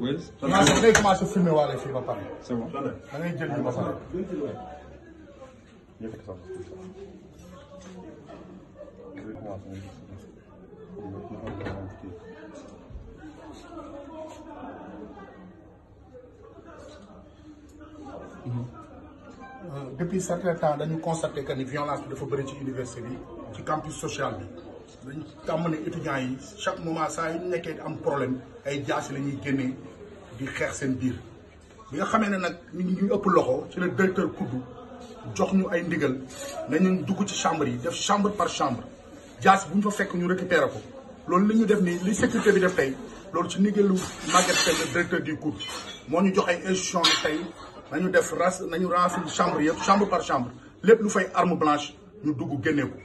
oui. commencé da ba pare. c'est bon ba pare. Euh, depuis certain temps dañu constaté que ni violence bi dafa bëri ci université ci campus social dañ tàmm ne étudiants yi chaque moment saa yu nekkee am problème ay jaas la ñuy génnee di xeex seen biir bi nga xamee ne nag nit ñu ëpp loxo ci la directeur kuddu jox ñu ay ndigal nañu dugg ci chambre yi def chambre par chambre jaas bu ñu fa fekk ñu récupérer ko loolu li ñu def nii li sécurité bi def tey loolu ci ndigalu magget Sène directeur du cours moo ñu jox ay instruction ne tey nañu def ras nañu renfil chambre yëpp chambre par chambre lépp lu fay arme blanche ñu dugg génnee ko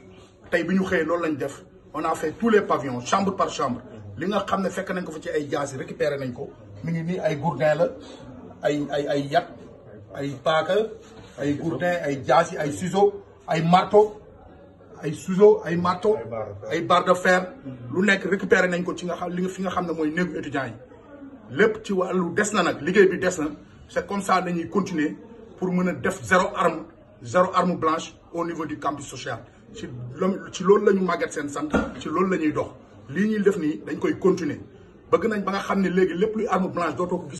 tey bi ñu xëyee loolu lañ def on a fait tous les pavillons chambre par chambre li nga xam ne fekk nañ ko fa ci ay jaas yi récupéré nañ ko mu ngi nii ay gourdin la ay ay ay yat ay paaka ay gourdin ay jaas yi ay ciseaux ay marteau ay ciseaux ay marteau ay barre de fer lu nekk récupéré nañ ko ci nga xam li fi nga xam ne mooy néegu étudiants yi lépp ci wàllu des na nag liggéey bi des na c'est comme ça dañuy continuer pour mën a def zéro arme zéro arme blanche au niveau du campus social ci ci loolu la ñu màggat seen sant ci loolu la ñuy dox lii ñuy def nii dañ koy continuer bëgg nañ ba nga xam ni léegi lépp luy arme blanche dootoo ko gis